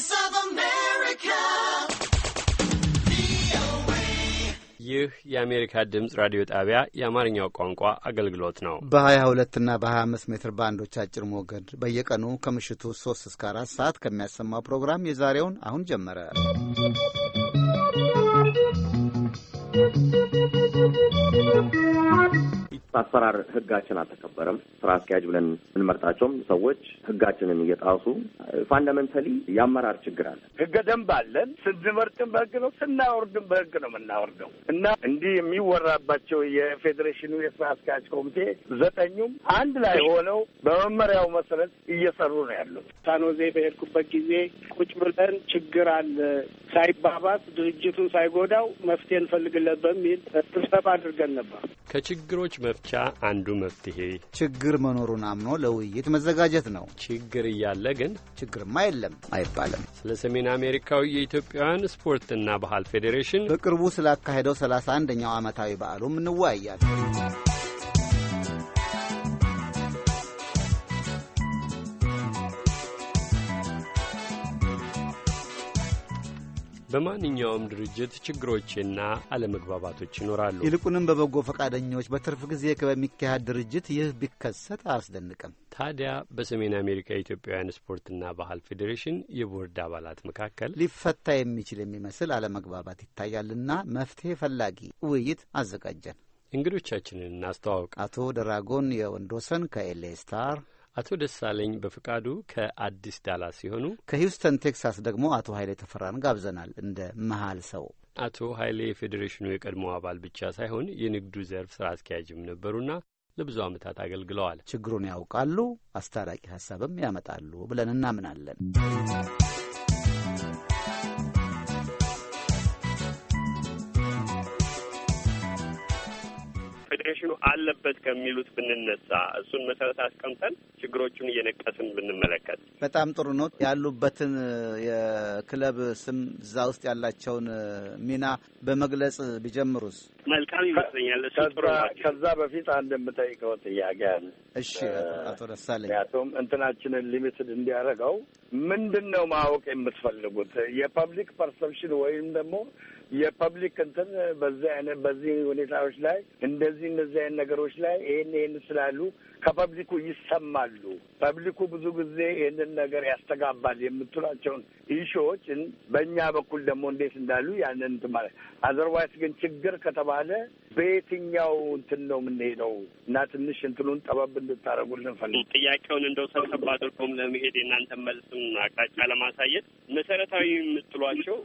Voice of America. ይህ የአሜሪካ ድምፅ ራዲዮ ጣቢያ የአማርኛው ቋንቋ አገልግሎት ነው። በ22 እና በ25 ሜትር ባንዶች አጭር ሞገድ በየቀኑ ከምሽቱ 3 እስከ 4 ሰዓት ከሚያሰማው ፕሮግራም የዛሬውን አሁን ጀመረ። አሰራር ህጋችን አልተከበረም። ስራ አስኪያጅ ብለን ምንመርጣቸውም ሰዎች ህጋችንን እየጣሱ ፋንዳመንታሊ የአመራር ችግር አለ። ህገ ደንብ አለን። ስንመርጥም በህግ ነው፣ ስናወርድም በህግ ነው የምናወርደው እና እንዲህ የሚወራባቸው የፌዴሬሽኑ የስራ አስኪያጅ ኮሚቴ ዘጠኙም አንድ ላይ ሆነው በመመሪያው መሰረት እየሰሩ ነው ያሉት። ሳኖዜ በሄድኩበት ጊዜ ቁጭ ብለን ችግር አለ ሳይባባስ ድርጅቱን ሳይጎዳው መፍትሄ እንፈልግለት በሚል ስብሰባ አድርገን ነበር ከችግሮች መፍትሄ ብቻ አንዱ መፍትሄ ችግር መኖሩን አምኖ ለውይይት መዘጋጀት ነው። ችግር እያለ ግን ችግርማ የለም አይባልም። ስለ ሰሜን አሜሪካዊ የኢትዮጵያውያን ስፖርትና ባህል ፌዴሬሽን በቅርቡ ስላካሄደው ሰላሳ አንደኛው ዓመታዊ በዓሉም እንወያያለን። በማንኛውም ድርጅት ችግሮችና አለመግባባቶች ይኖራሉ። ይልቁንም በበጎ ፈቃደኞች በትርፍ ጊዜ በሚካሄድ ድርጅት ይህ ቢከሰት አያስደንቅም። ታዲያ በሰሜን አሜሪካ የኢትዮጵያውያን ስፖርትና ባህል ፌዴሬሽን የቦርድ አባላት መካከል ሊፈታ የሚችል የሚመስል አለመግባባት ይታያልና መፍትሄ ፈላጊ ውይይት አዘጋጀን። እንግዶቻችንን እናስተዋውቅ። አቶ ደራጎን የወንዶሰን ከኤሌ ስታር አቶ ደሳለኝ በፍቃዱ ከአዲስ ዳላስ ሲሆኑ ከሂውስተን ቴክሳስ ደግሞ አቶ ኃይሌ ተፈራን ጋብዘናል። እንደ መሀል ሰው አቶ ኃይሌ የፌዴሬሽኑ የቀድሞ አባል ብቻ ሳይሆን የንግዱ ዘርፍ ስራ አስኪያጅም ነበሩና ለብዙ ዓመታት አገልግለዋል። ችግሩን ያውቃሉ፣ አስታራቂ ሀሳብም ያመጣሉ ብለን እናምናለን። ፌዴሬሽኑ አለበት ከሚሉት ብንነሳ እሱን መሰረት አስቀምጠን ችግሮቹን እየነቀስን ብንመለከት በጣም ጥሩ ነው። ያሉበትን የክለብ ስም እዛ ውስጥ ያላቸውን ሚና በመግለጽ ቢጀምሩስ መልካም ይመስለኛል። ከዛ በፊት አንድ የምጠይቀው ጥያቄ አለ። እሺ፣ አቶ ደሳለኝ ምክንያቱም እንትናችንን ሊሚትድ እንዲያደርገው ምንድን ነው ማወቅ የምትፈልጉት? የፐብሊክ ፐርሰፕሽን ወይም ደግሞ የፐብሊክ እንትን በዚህ አይነት በዚህ ሁኔታዎች ላይ እንደዚህ እንደዚህ አይነት ነገሮች ላይ ይህን ይህን ስላሉ ከፐብሊኩ ይሰማሉ። ፐብሊኩ ብዙ ጊዜ ይህንን ነገር ያስተጋባል የምትሏቸውን ኢሾዎችን በእኛ በኩል ደግሞ እንዴት እንዳሉ ያንን እንትን ማለት አዘርዋይስ ግን ችግር ከተባለ በየትኛው እንትን ነው የምንሄደው እና ትንሽ እንትኑን ጠበብ እንድታደረጉልን ፈልግ ጥያቄውን እንደው ሰብሰብ አድርጎም ለመሄድ የእናንተን መልስም አቅጣጫ ለማሳየት መሰረታዊ የምትሏቸው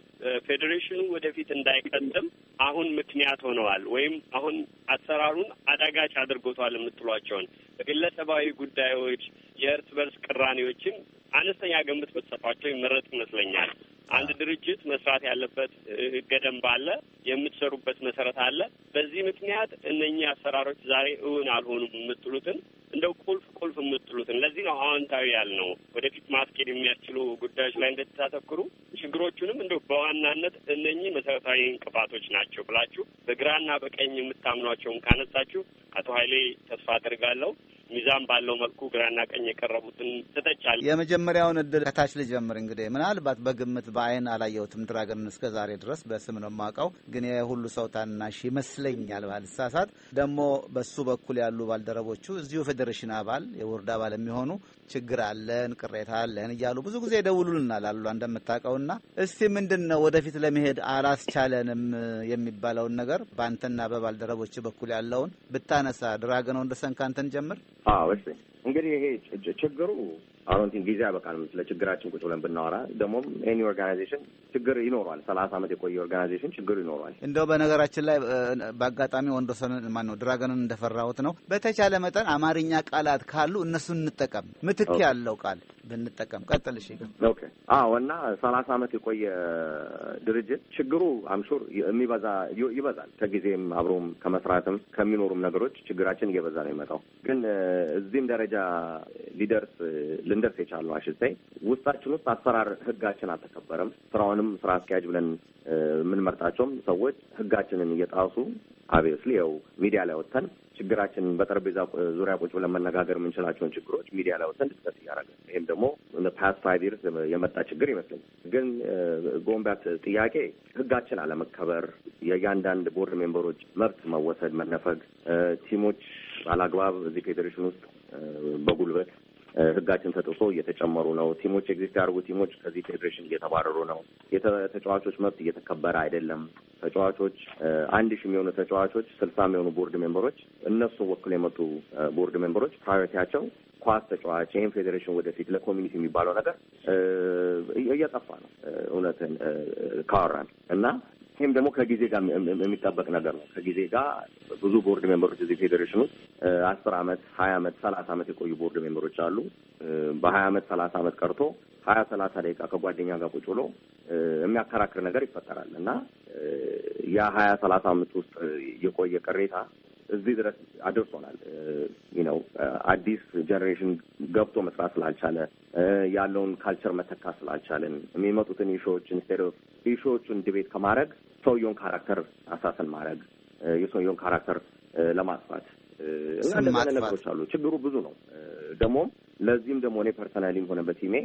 ፌዴሬሽኑ ወደፊት እንዳይቀጥም አሁን ምክንያት ሆነዋል ወይም አሁን አሰራሩን አዳጋች አድርጎቷል የምትሏቸውን ግለሰባዊ ጉዳዮች የእርስ በርስ ቅራኔዎችን አነስተኛ ግምት ብትሰጧቸው ይመረጥ ይመስለኛል። አንድ ድርጅት መስራት ያለበት ህገ ደንብ አለ፣ የምትሰሩበት መሰረት አለ። በዚህ ምክንያት እነኚህ አሰራሮች ዛሬ እውን አልሆኑም የምትሉትን እንደው ቁልፍ ቁልፍ የምትሉትን ለዚህ ነው አዎንታዊ ያልነው። ወደፊት ማስኬድ የሚያስችሉ ጉዳዮች ላይ እንደተታተኩሩ ችግሮቹንም እንደው በዋናነት እነኚህ መሰረታዊ እንቅፋቶች ናቸው ብላችሁ በግራና በቀኝ የምታምኗቸውን ካነሳችሁ አቶ ኃይሌ ተስፋ አድርጋለሁ ሚዛን ባለው መልኩ ግራና ቀኝ የቀረቡትን ትተቻል። የመጀመሪያውን እድል ከታች ልጀምር። እንግዲህ ምናልባት በግምት በአይን አላየሁትም ድራገንን እስከ ዛሬ ድረስ በስም ነው የማውቀው፣ ግን የሁሉ ሰው ታናሽ ይመስለኛል ባልሳሳት። ደግሞ በሱ በኩል ያሉ ባልደረቦቹ እዚሁ ፌዴሬሽን አባል የቦርድ አባል የሚሆኑ ችግር አለን ቅሬታ አለን እያሉ ብዙ ጊዜ ደውሉልናል አሉ እንደምታውቀውና እስቲ ምንድን ነው ወደፊት ለመሄድ አላስቻለንም የሚባለውን ነገር በአንተና በባልደረቦች በኩል ያለውን ብታነሳ ድራገነው እንደሰንካንተን ጀምር። አዎ እሺ እንግዲህ ይሄ ችግሩ አሮንቲን ጊዜ ያበቃል። ስለ ችግራችን ቁጭ ብለን ብናወራ ደግሞም ኤኒ ኦርጋናይዜሽን ችግር ይኖሯል። ሰላሳ ዓመት የቆየ ኦርጋናይዜሽን ችግር ይኖሯል። እንደው በነገራችን ላይ በአጋጣሚ ወንዶሰንን ማን ነው ድራገንን እንደፈራሁት ነው። በተቻለ መጠን አማርኛ ቃላት ካሉ እነሱን እንጠቀም፣ ምትክ ያለው ቃል ብንጠቀም ቀጥል። እሺ ኦኬ። አዎ እና ሰላሳ ዓመት የቆየ ድርጅት ችግሩ አምሹር የሚበዛ ይበዛል። ከጊዜም አብሮም ከመስራትም ከሚኖሩም ነገሮች ችግራችን እየበዛ ነው የመጣው። ግን እዚህም ደረጃ ሊደርስ ልንደርስ የቻሉ አሽታይ ውስጣችን ውስጥ አሰራር ህጋችን አልተከበረም። ስራውንም ስራ አስኪያጅ ብለን የምንመርጣቸውም ሰዎች ህጋችንን እየጣሱ አብስሊ ያው ሚዲያ ላይ ወጥተን ችግራችን በጠረጴዛ ዙሪያ ቁጭ ብለን መነጋገር የምንችላቸውን ችግሮች ሚዲያ ላይ ወሰን ድስቀት እያደረገ ይህም ደግሞ ፓስት ፋይቭ ይርስ የመጣ ችግር ይመስለኛል። ግን ጎንቢያት uh, ጥያቄ ህጋችን አለመከበር፣ የእያንዳንድ ቦርድ ሜምበሮች መብት መወሰድ፣ መነፈግ፣ uh, ቲሞች አላግባብ እዚህ ፌዴሬሽን ውስጥ uh, በጉልበት ህጋችን ተጥሶ እየተጨመሩ ነው። ቲሞች ኤግዚስት ያደርጉ ቲሞች ከዚህ ፌዴሬሽን እየተባረሩ ነው። የተጫዋቾች መብት እየተከበረ አይደለም። ተጫዋቾች አንድ ሺ የሚሆኑ ተጫዋቾች ስልሳ የሚሆኑ ቦርድ ሜምበሮች እነሱ ወክሎ የመጡ ቦርድ ሜምበሮች ፕራዮሪቲያቸው ኳስ ተጫዋች ይህም ፌዴሬሽን ወደፊት ለኮሚኒቲ የሚባለው ነገር እየጠፋ ነው። እውነትን ካወራን እና ይህም ደግሞ ከጊዜ ጋር የሚጠበቅ ነገር ነው። ከጊዜ ጋር ብዙ ቦርድ ሜምበሮች እዚህ ፌዴሬሽኑ አስር አመት ሀያ አመት ሰላሳ አመት የቆዩ ቦርድ ሜምበሮች አሉ። በሀያ አመት ሰላሳ አመት ቀርቶ ሀያ ሰላሳ ደቂቃ ከጓደኛ ጋር ቁጭ ብሎ የሚያከራክር ነገር ይፈጠራል እና ያ ሀያ ሰላሳ አመት ውስጥ የቆየ ቅሬታ እዚህ ድረስ አድርሶናል። ነው አዲስ ጀኔሬሽን ገብቶ መስራት ስላልቻለ ያለውን ካልቸር መተካት ስላልቻለን የሚመጡትን ኢሾዎችን ኢንስቴድ ኦፍ ኢሾዎቹን ዲቤት ከማድረግ ሰውየውን ካራክተር አሳሰን ማድረግ የሰውየውን ካራክተር ለማጥፋት እናለ ነገሮች አሉ። ችግሩ ብዙ ነው። ደግሞም ለዚህም ደግሞ እኔ ፐርሰናሊም ሆነ በቲሜ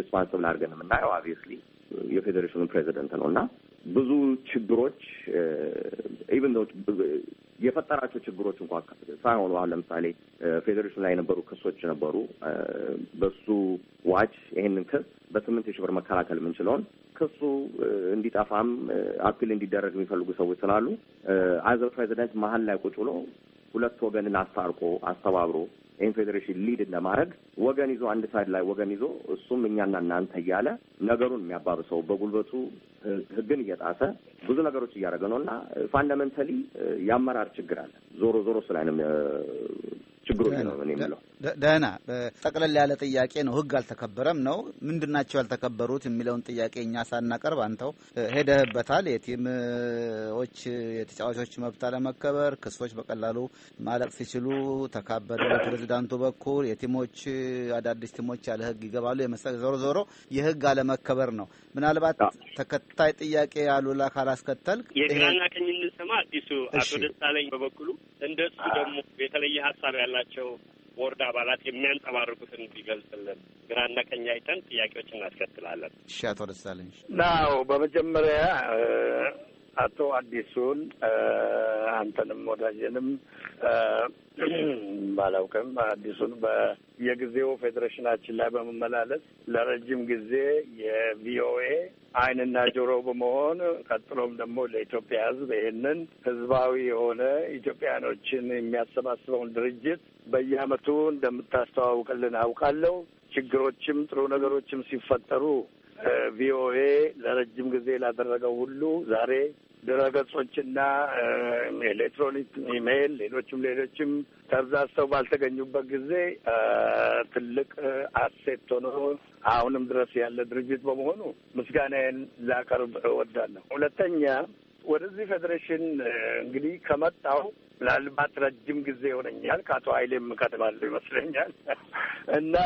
ሪስፖንስብል አድርገን የምናየው ኦብቪየስሊ የፌዴሬሽኑን ፕሬዚደንት ነው እና ብዙ ችግሮች ኢቨን የፈጠራቸው ችግሮች እንኳ ሳይሆኑ አሁን ለምሳሌ ፌዴሬሽን ላይ የነበሩ ክሶች ነበሩ። በሱ ዋጅ ይህንን ክስ በስምንት ሺህ ብር መከላከል የምንችለውን ክሱ እንዲጠፋም አፒል እንዲደረግ የሚፈልጉ ሰዎች ስላሉ አዘ ፕሬዚደንት መሀል ላይ ቁጭ ብሎ ሁለት ወገንን አስታርቆ አስተባብሮ ይህን ፌዴሬሽን ሊድ ለማድረግ ወገን ይዞ አንድ ሳይድ ላይ ወገን ይዞ እሱም እኛና እናንተ እያለ ነገሩን የሚያባብሰው በጉልበቱ ህግን እየጣሰ ብዙ ነገሮች እያደረገ ነው እና ፋንዳመንታሊ የአመራር ችግር አለ። ዞሮ ዞሮ ስላይ ነው ችግሩ ነው እኔ የምለው። ደህና ጠቅለል ያለ ጥያቄ ነው። ህግ አልተከበረም ነው ምንድናቸው ያልተከበሩት የሚለውን ጥያቄ እኛ ሳናቀርብ አንተው ሄደህበታል። የቲምዎች የተጫዋቾች መብት አለመከበር፣ ክሶች በቀላሉ ማለቅ ሲችሉ ተካበደ በፕሬዚዳንቱ በኩል የቲሞች አዳዲስ ቲሞች ያለ ህግ ይገባሉ። ዞሮ ዞሮ የህግ አለመከበር ነው። ምናልባት ተከታይ ጥያቄ አሉላ ካላስከተል የግራና ቀኝ እንስማ። አዲሱ አቶ ደሳለኝ በበኩሉ እንደሱ ደግሞ የተለየ ሀሳብ ያላቸው ቦርድ አባላት የሚያንጸባርቁትን እንዲገልጽልን ግራና ቀኝ አይተን ጥያቄዎች እናስከትላለን። እሺ፣ አቶ ደሳለኝ። ናው በመጀመሪያ አቶ አዲሱን አንተንም ወዳጀንም ባላውቅም አዲሱን በየጊዜው ፌዴሬሽናችን ላይ በመመላለስ ለረጅም ጊዜ የቪኦኤ ዓይንና ጆሮ በመሆን ቀጥሎም ደግሞ ለኢትዮጵያ ሕዝብ ይህንን ህዝባዊ የሆነ ኢትዮጵያኖችን የሚያሰባስበውን ድርጅት በየዓመቱ እንደምታስተዋውቅልን አውቃለሁ። ችግሮችም ጥሩ ነገሮችም ሲፈጠሩ ቪኦኤ ለረጅም ጊዜ ላደረገው ሁሉ ዛሬ ድረገጾችና ኤሌክትሮኒክ ኢሜይል፣ ሌሎችም ሌሎችም ተብዛዝተው ባልተገኙበት ጊዜ ትልቅ አሴት ሆኖ አሁንም ድረስ ያለ ድርጅት በመሆኑ ምስጋናዬን ላቀርብ እወዳለሁ። ሁለተኛ ወደዚህ ፌዴሬሽን እንግዲህ ከመጣው ምናልባት ረጅም ጊዜ ይሆነኛል። ከአቶ ኃይሌም እቀድማለሁ ይመስለኛል እና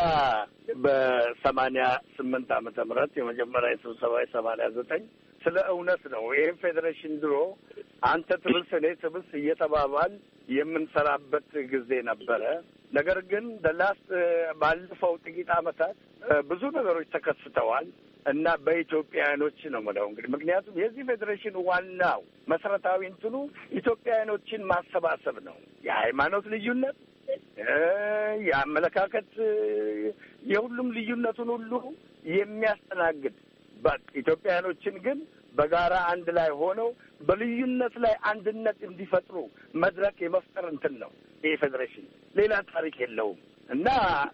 በሰማንያ ስምንት ዓመተ ምህረት የመጀመሪያ የስብሰባ የሰማንያ ዘጠኝ ስለ እውነት ነው። ይህም ፌዴሬሽን ድሮ አንተ ትብስ እኔ ትብስ እየተባባል የምንሰራበት ጊዜ ነበረ። ነገር ግን ደላስ ባለፈው ጥቂት ዓመታት ብዙ ነገሮች ተከስተዋል። እና በኢትዮጵያውያኖች ነው ምለው እንግዲህ ምክንያቱም የዚህ ፌዴሬሽን ዋናው መሰረታዊ እንትኑ ኢትዮጵያውያኖችን ማሰባሰብ ነው። የሃይማኖት ልዩነት፣ የአመለካከት የሁሉም ልዩነቱን ሁሉ የሚያስተናግድ ኢትዮጵያውያኖችን ግን በጋራ አንድ ላይ ሆነው በልዩነት ላይ አንድነት እንዲፈጥሩ መድረክ የመፍጠር እንትን ነው ይህ ፌዴሬሽን። ሌላ ታሪክ የለውም እና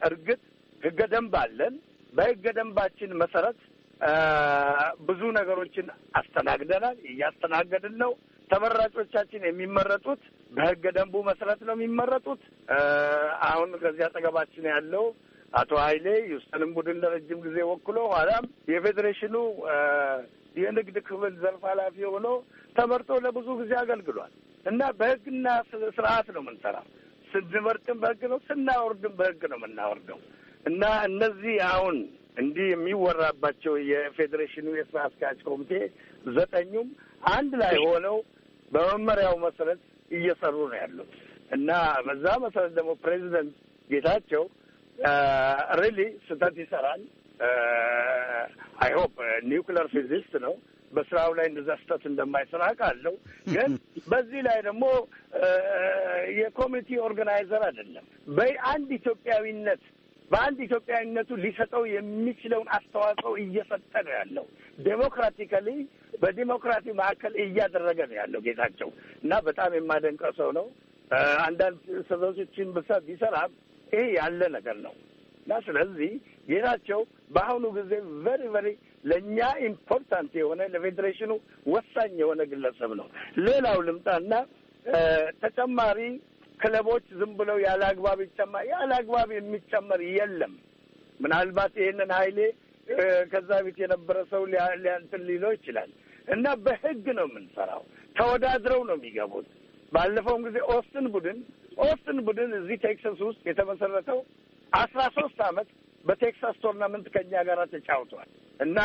እርግጥ ህገ ደንብ አለን። በህገ ደንባችን መሰረት ብዙ ነገሮችን አስተናግደናል፣ እያስተናገድን ነው። ተመራጮቻችን የሚመረጡት በህገ ደንቡ መሰረት ነው የሚመረጡት። አሁን ከዚህ አጠገባችን ያለው አቶ ኃይሌ ዩስተንም ቡድን ለረጅም ጊዜ ወክሎ ኋላም የፌዴሬሽኑ የንግድ ክፍል ዘርፍ ኃላፊ ሆኖ ተመርጦ ለብዙ ጊዜ አገልግሏል እና በህግና ስርዓት ነው የምንሰራው። ስንመርጥም በህግ ነው፣ ስናወርድም በህግ ነው የምናወርደው እና እነዚህ አሁን እንዲህ የሚወራባቸው የፌዴሬሽኑ የስራ አስኪያጅ ኮሚቴ ዘጠኙም አንድ ላይ ሆነው በመመሪያው መሰረት እየሰሩ ነው ያሉት እና በዛ መሰረት ደግሞ ፕሬዚደንት ጌታቸው ሪሊ ስህተት ይሰራል። አይሆፕ ኒውክለር ፊዚስት ነው። በስራው ላይ እንደዛ ስህተት እንደማይሰራ ቃለው ግን በዚህ ላይ ደግሞ የኮሚኒቲ ኦርጋናይዘር አይደለም። በአንድ ኢትዮጵያዊነት በአንድ ኢትዮጵያዊነቱ ሊሰጠው የሚችለውን አስተዋጽኦ እየሰጠ ነው ያለው። ዴሞክራቲካሊ በዲሞክራሲ ማዕከል እያደረገ ነው ያለው ጌታቸው እና በጣም የማደንቀው ሰው ነው። አንዳንድ ስህተቶችን ብሳ ቢሰራም ይሄ ያለ ነገር ነው እና ስለዚህ ጌታቸው በአሁኑ ጊዜ ቨሪ ቨሪ ለእኛ ኢምፖርታንት የሆነ ለፌዴሬሽኑ ወሳኝ የሆነ ግለሰብ ነው። ሌላው ልምጣና ተጨማሪ ክለቦች ዝም ብለው ያለ አግባብ ይጨመር ያለ አግባብ የሚጨመር የለም። ምናልባት ይህንን ሀይሌ ከዛ ቤት የነበረ ሰው ሊያንትን ሊለው ይችላል እና በህግ ነው የምንሰራው። ተወዳድረው ነው የሚገቡት። ባለፈውም ጊዜ ኦስትን ቡድን ኦስትን ቡድን እዚህ ቴክሳስ ውስጥ የተመሰረተው አስራ ሶስት አመት በቴክሳስ ቶርናመንት ከኛ ጋር ተጫውቷል እና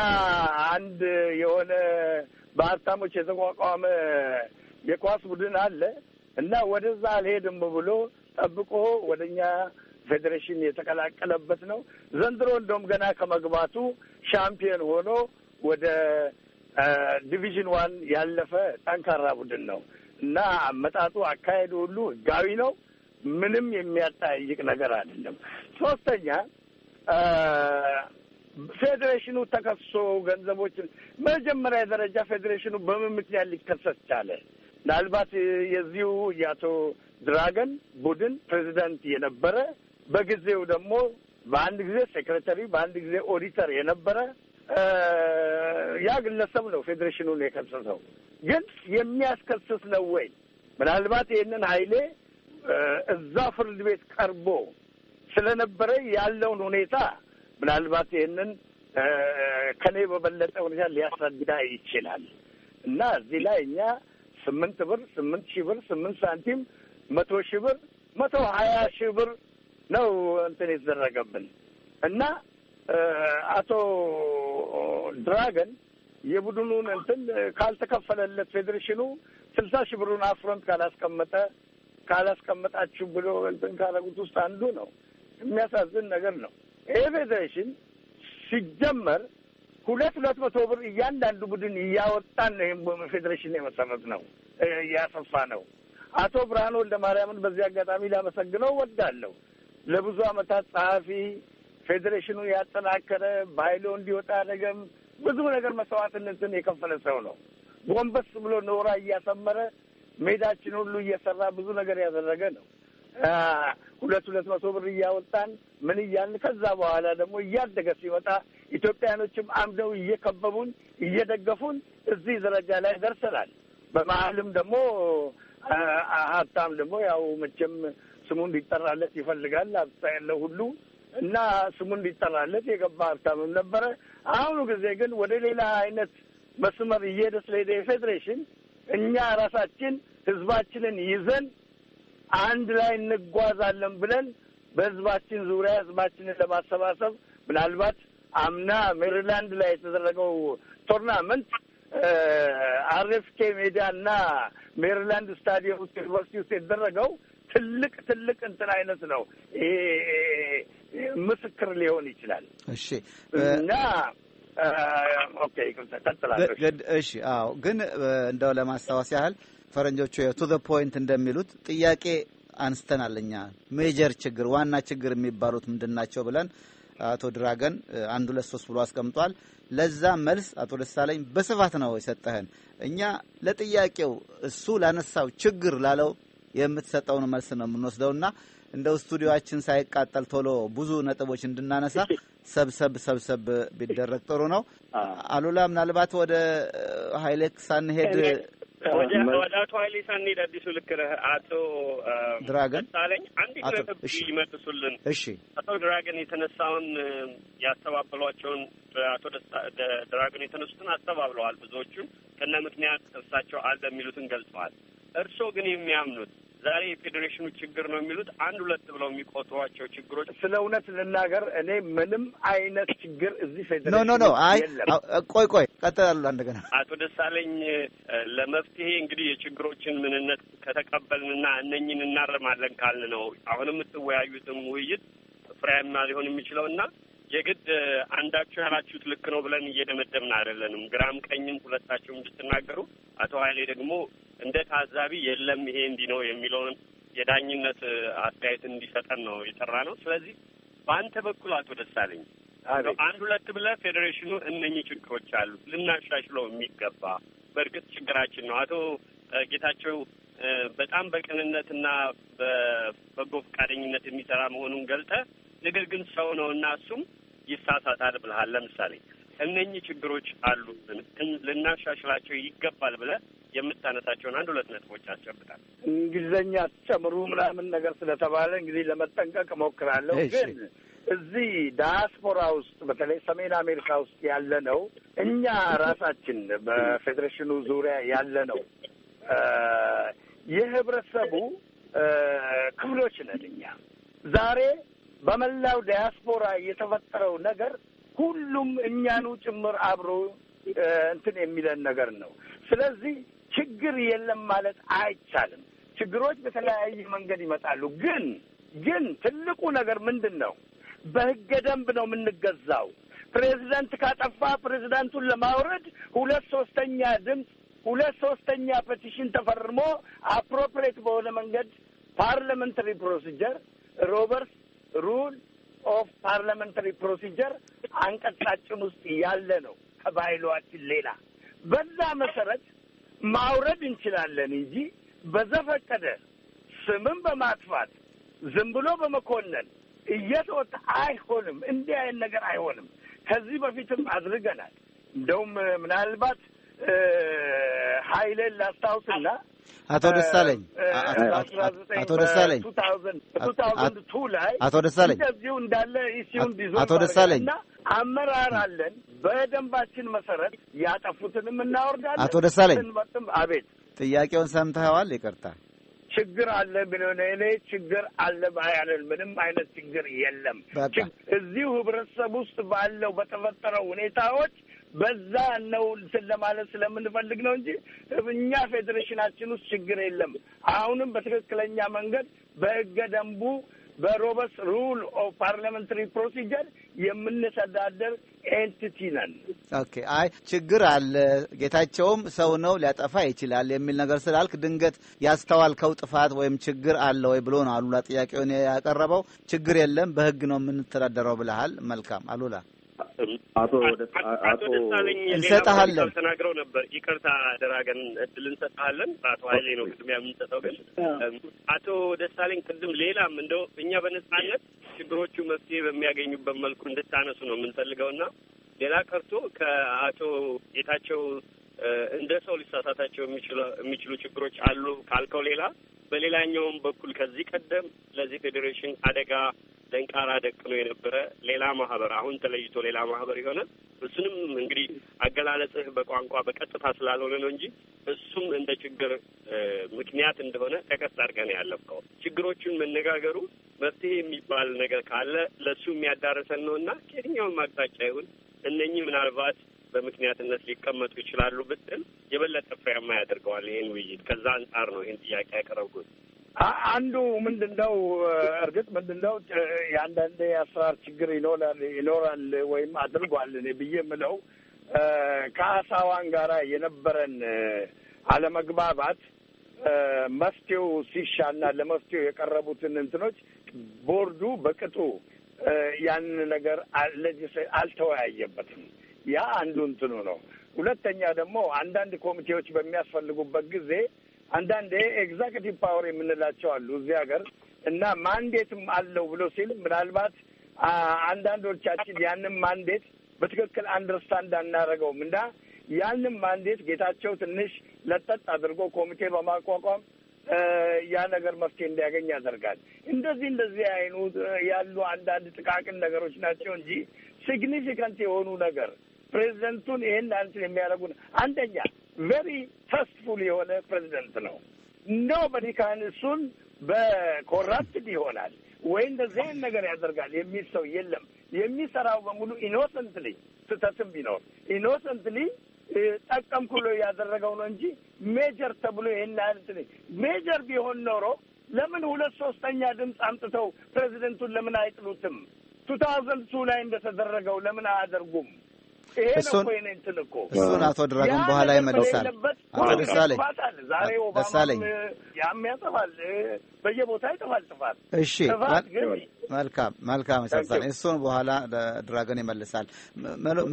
አንድ የሆነ በሀብታሞች የተቋቋመ የኳስ ቡድን አለ እና ወደዛ አልሄድም ብሎ ጠብቆ ወደ እኛ ፌዴሬሽን የተቀላቀለበት ነው። ዘንድሮ እንደውም ገና ከመግባቱ ሻምፒዮን ሆኖ ወደ ዲቪዥን ዋን ያለፈ ጠንካራ ቡድን ነው እና አመጣጡ፣ አካሄዱ ሁሉ ህጋዊ ነው። ምንም የሚያጠያይቅ ነገር አይደለም። ሶስተኛ ፌዴሬሽኑ ተከሶ ገንዘቦችን መጀመሪያ ደረጃ ፌዴሬሽኑ በምን ምክንያት ሊከሰስ ቻለ? ምናልባት የዚሁ የአቶ ድራገን ቡድን ፕሬዚዳንት የነበረ በጊዜው ደግሞ በአንድ ጊዜ ሴክሬታሪ በአንድ ጊዜ ኦዲተር የነበረ ያ ግለሰብ ነው ፌዴሬሽኑን የከሰሰው። ግን የሚያስከስስ ነው ወይ? ምናልባት ይህንን ኃይሌ እዛ ፍርድ ቤት ቀርቦ ስለነበረ ያለውን ሁኔታ ምናልባት ይህንን ከኔ በበለጠ ሁኔታ ሊያስረዳ ይችላል እና እዚህ ላይ እኛ ስምንት ብር፣ ስምንት ሺህ ብር፣ ስምንት ሳንቲም፣ መቶ ሺህ ብር፣ መቶ ሀያ ሺህ ብር ነው እንትን የተደረገብን እና አቶ ድራገን የቡድኑን እንትን ካልተከፈለለት ፌዴሬሽኑ ስልሳ ሺህ ብሩን አፍሮንት ካላስቀመጠ ካላስቀመጣችሁ ብሎ እንትን ካረጉት ውስጥ አንዱ ነው። የሚያሳዝን ነገር ነው። ይሄ ፌዴሬሽን ሲጀመር ሁለት ሁለት መቶ ብር እያንዳንዱ ቡድን እያወጣን ነው ይህም ፌዴሬሽን የመሰረት ነው እያሰፋ ነው። አቶ ብርሃን ወልደ ማርያምን በዚህ አጋጣሚ ላመሰግነው ወዳለሁ። ለብዙ ዓመታት ጸሐፊ፣ ፌዴሬሽኑ ያጠናከረ ባይሎ እንዲወጣ ነገም ብዙ ነገር መስዋዕትነትን የከፈለ ሰው ነው። ጎንበስ ብሎ ኖራ እያሰመረ ሜዳችን ሁሉ እየሰራ ብዙ ነገር ያደረገ ነው። ሁለት ሁለት መቶ ብር እያወጣን ምን እያልን ከዛ በኋላ ደግሞ እያደገ ሲመጣ ኢትዮጵያኖችም አምደው እየከበቡን እየደገፉን እዚህ ደረጃ ላይ ደርሰናል። በመሀልም ደግሞ ሀብታም ደግሞ ያው መቼም ስሙ እንዲጠራለት ይፈልጋል። ሀብታ ያለው ሁሉ እና ስሙ እንዲጠራለት የገባ ሀብታምም ነበረ። አሁኑ ጊዜ ግን ወደ ሌላ አይነት መስመር እየሄደ ስለሄደ የፌዴሬሽን እኛ ራሳችን ህዝባችንን ይዘን አንድ ላይ እንጓዛለን ብለን በህዝባችን ዙሪያ ህዝባችንን ለማሰባሰብ ምናልባት አምና ሜሪላንድ ላይ የተደረገው ቶርናመንት አርኤፍኬ ሜዳ እና ሜሪላንድ ስታዲየም ውስጥ ዩኒቨርሲቲ ውስጥ የተደረገው ትልቅ ትልቅ እንትን አይነት ነው። ይሄ ምስክር ሊሆን ይችላል። እሺ እና ኦኬ፣ ቀጥላለሁ። እሺ፣ አዎ፣ ግን እንደው ለማስታወስ ያህል ፈረንጆቹ ቱ ዘ ፖይንት እንደሚሉት ጥያቄ አንስተናል። እኛ ሜጀር ችግር ዋና ችግር የሚባሉት ምንድን ናቸው ብለን አቶ ድራገን አንድ ሁለት ሶስት ብሎ አስቀምጧል። ለዛ መልስ አቶ ደሳለኝ በስፋት ነው የሰጠህን። እኛ ለጥያቄው እሱ ላነሳው ችግር ላለው የምትሰጠውን መልስ ነው የምንወስደው እና እንደው ስቱዲዮችን ሳይቃጠል ቶሎ ብዙ ነጥቦች እንድናነሳ ሰብሰብ ሰብሰብ ቢደረግ ጥሩ ነው። አሉላ ምናልባት ወደ ሀይሌክ ሳንሄድ ወደ አቶ ኃይሌ ሳንሄድ አዲሱ ልክ ነህ። አቶ ድራገን ሳለኝ አንዲት ነጥብ ይመልሱልን። እሺ፣ አቶ ድራገን የተነሳውን ያስተባበሏቸውን አቶ ድራገን የተነሱትን አስተባብለዋል። ብዙዎቹን ከነ ምክንያት እርሳቸው አለ የሚሉትን ገልጸዋል። እርስዎ ግን የሚያምኑት ዛሬ የፌዴሬሽኑ ችግር ነው የሚሉት አንድ ሁለት ብለው የሚቆጥሯቸው ችግሮች፣ ስለ እውነት ልናገር እኔ ምንም አይነት ችግር እዚህ ፌዴሬሽን ኖ ኖ ኖ አይ ቆይ ቆይ ቀጥላሉ እንደገና አቶ ደሳለኝ ለመፍትሄ እንግዲህ የችግሮችን ምንነት ከተቀበልንና እነኝን እናረማለን ካልን ነው አሁን የምትወያዩትም ውይይት ፍሬያማ ሊሆን የሚችለውና የግድ አንዳችሁ ያላችሁት ልክ ነው ብለን እየደመደምን አይደለንም። ግራም ቀኝም ሁለታቸው እንድትናገሩ አቶ ኃይሌ ደግሞ እንደ ታዛቢ የለም ይሄ እንዲህ ነው የሚለውን የዳኝነት አስተያየት እንዲሰጠን ነው የጠራ ነው። ስለዚህ በአንተ በኩል አቶ ደሳለኝ አንድ ሁለት ብለህ ፌዴሬሽኑ እነኚህ ችግሮች አሉ ልናሻሽለው የሚገባ በእርግጥ ችግራችን ነው። አቶ ጌታቸው በጣም በቅንነትና በበጎ ፈቃደኝነት የሚሰራ መሆኑን ገልጠ ነገር ግን ሰው ነው እና እሱም ይሳሳታል ብልሃል። ለምሳሌ እነኚህ ችግሮች አሉ ልናሻሽላቸው ይገባል ብለህ የምታነሳቸውን አንድ ሁለት ነጥቦች አስጨብጣል። እንግሊዝኛ ጨምሩ ምናምን ነገር ስለተባለ እንግዲህ ለመጠንቀቅ እሞክራለሁ ግን እዚህ ዳያስፖራ ውስጥ በተለይ ሰሜን አሜሪካ ውስጥ ያለ ነው። እኛ ራሳችን በፌዴሬሽኑ ዙሪያ ያለ ነው። የህብረተሰቡ ክፍሎች ነን እኛ። ዛሬ በመላው ዳያስፖራ የተፈጠረው ነገር ሁሉም እኛኑ ጭምር አብሮ እንትን የሚለን ነገር ነው። ስለዚህ ችግር የለም ማለት አይቻልም። ችግሮች በተለያየ መንገድ ይመጣሉ። ግን ግን ትልቁ ነገር ምንድን ነው? በህገ ደንብ ነው የምንገዛው። ፕሬዚደንት ካጠፋ ፕሬዚደንቱን ለማውረድ ሁለት ሶስተኛ ድምፅ ሁለት ሶስተኛ ፔቲሽን ተፈርሞ አፕሮፕሬት በሆነ መንገድ ፓርሊመንታሪ ፕሮሲጀር ሮበርት ሩል ኦፍ ፓርሊመንታሪ ፕሮሲጀር አንቀጻችን ውስጥ ያለ ነው ከባይሏችን ሌላ። በዛ መሰረት ማውረድ እንችላለን እንጂ በዘፈቀደ ስምን በማጥፋት ዝም ብሎ በመኮነን እየተወት አይሆንም። እንዲህ አይነት ነገር አይሆንም። ከዚህ በፊትም አድርገናል። እንደውም ምናልባት ኃይሌን ላስታውስና አቶ ደሳለኝ አቶ ደሳለኝ ቱ ላይ አቶ ደሳለኝ እንደዚሁ እንዳለ ኢሲዩን ቢዞ አቶ ደሳለኝ አመራር አለን በደንባችን መሰረት ያጠፉትንም እናወርዳለን። አቶ ደሳለኝ አቤት፣ ጥያቄውን ሰምተኸዋል። ይቅርታ ችግር አለ ብንሆነ እኔ ችግር አለ ባያለን ምንም አይነት ችግር የለም። እዚሁ ህብረተሰብ ውስጥ ባለው በተፈጠረው ሁኔታዎች በዛ ነው ለማለት ስለምንፈልግ ነው እንጂ እኛ ፌዴሬሽናችን ውስጥ ችግር የለም። አሁንም በትክክለኛ መንገድ በህገ ደንቡ በሮበስ ሩል ኦፍ ፓርላሜንታሪ ፕሮሲጀር የምንተዳደር ኤንቲቲ ነን። ኦኬ አይ ችግር አለ፣ ጌታቸውም ሰው ነው ሊያጠፋ ይችላል የሚል ነገር ስላልክ ድንገት ያስተዋልከው ጥፋት ወይም ችግር አለ ወይ ብሎ ነው አሉላ ጥያቄውን ያቀረበው። ችግር የለም በህግ ነው የምንተዳደረው ብለሃል። መልካም አሉላ አቶ አቶ እንሰጥሃለን ተናግረው ነበር። ይቅርታ አደራገን እድል እንሰጥሃለን። አቶ ኃይሌ ነው ቅድሚያ የምንሰጠው። ግን አቶ ደሳለኝ ቅድም ሌላም እንደው እኛ በነጻነት ችግሮቹ መፍትሄ በሚያገኙበት መልኩ እንድታነሱ ነው የምንፈልገው እና ሌላ ቀርቶ ከአቶ ጌታቸው እንደ ሰው ሊሳሳታቸው የሚችሉ ችግሮች አሉ ካልከው ሌላ በሌላኛውም በኩል ከዚህ ቀደም ለዚህ ፌዴሬሽን አደጋ ደንቃራ ደቅኖ የነበረ ሌላ ማህበር አሁን ተለይቶ ሌላ ማህበር የሆነ እሱንም እንግዲህ አገላለጽህ በቋንቋ በቀጥታ ስላልሆነ ነው እንጂ እሱም እንደ ችግር ምክንያት እንደሆነ ጠቀስ ነው ያለፍከው ችግሮቹን መነጋገሩ መፍትሄ የሚባል ነገር ካለ ለእሱ የሚያዳረሰን ነው እና ከየትኛውም አቅጣጫ ይሁን እነኚህ ምናልባት በምክንያትነት ሊቀመጡ ይችላሉ ብትል የበለጠ ፍሬያማ ያደርገዋል ይህን ውይይት። ከዛ አንጻር ነው ይህን ጥያቄ ያቀረብኩት። አንዱ ምንድን ነው እርግጥ ምንድን ነው የአንዳንድ የአሰራር ችግር ይኖራል ይኖራል ወይም አድርጓል እኔ ብዬ ምለው ከአሳዋን ጋር የነበረን አለመግባባት መፍትሄው ሲሻና ለመፍትሄው የቀረቡትን እንትኖች ቦርዱ በቅጡ ያንን ነገር አልተወያየበትም። ያ አንዱ እንትኑ ነው። ሁለተኛ ደግሞ አንዳንድ ኮሚቴዎች በሚያስፈልጉበት ጊዜ አንዳንድ ኤግዛክቲቭ ፓወር የምንላቸው አሉ እዚህ ሀገር እና ማንዴትም አለው ብሎ ሲል ምናልባት አንዳንዶቻችን ያንን ማንዴት በትክክል አንደርስታንድ አናደርገውም እና ያንን ማንዴት ጌታቸው ትንሽ ለጠጥ አድርጎ ኮሚቴ በማቋቋም ያ ነገር መፍትሄ እንዲያገኝ ያደርጋል። እንደዚህ እንደዚህ አይኑ ያሉ አንዳንድ ጥቃቅን ነገሮች ናቸው እንጂ ሲግኒፊካንት የሆኑ ነገር ፕሬዚደንቱን ይሄን ይህን አንስል ነው። አንደኛ ቨሪ ተስፉል የሆነ ፕሬዚደንት ነው። ኖ በዲካን እሱን በኮራፕትድ ይሆናል ወይ እንደዚህ አይነት ነገር ያደርጋል የሚል ሰው የለም። የሚሰራው በሙሉ ኢኖሰንትሊ ስህተትም ቢኖር ኢኖሰንትሊ ጠቀምኩ ብሎ ያደረገው ነው እንጂ ሜጀር ተብሎ ይህን ያህል ሜጀር ቢሆን ኖሮ ለምን ሁለት ሶስተኛ ድምፅ አምጥተው ፕሬዚደንቱን ለምን አይጥሉትም? ቱ ታውዘንድ ቱ ላይ እንደተደረገው ለምን አያደርጉም? እሱን አቶ ድራጎን በኋላ ይመልሳል። አቶ ደሳለኝ ደሳለኝ ያም ያጠፋል፣ በየቦታ ይጠፋል ጥፋት። እሺ መልካም መልካም ይሰጣል። እሱን በኋላ ድራገን ይመልሳል።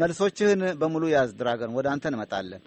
መልሶችህን በሙሉ ያዝ ድራገን፣ ወደ አንተ እንመጣለን።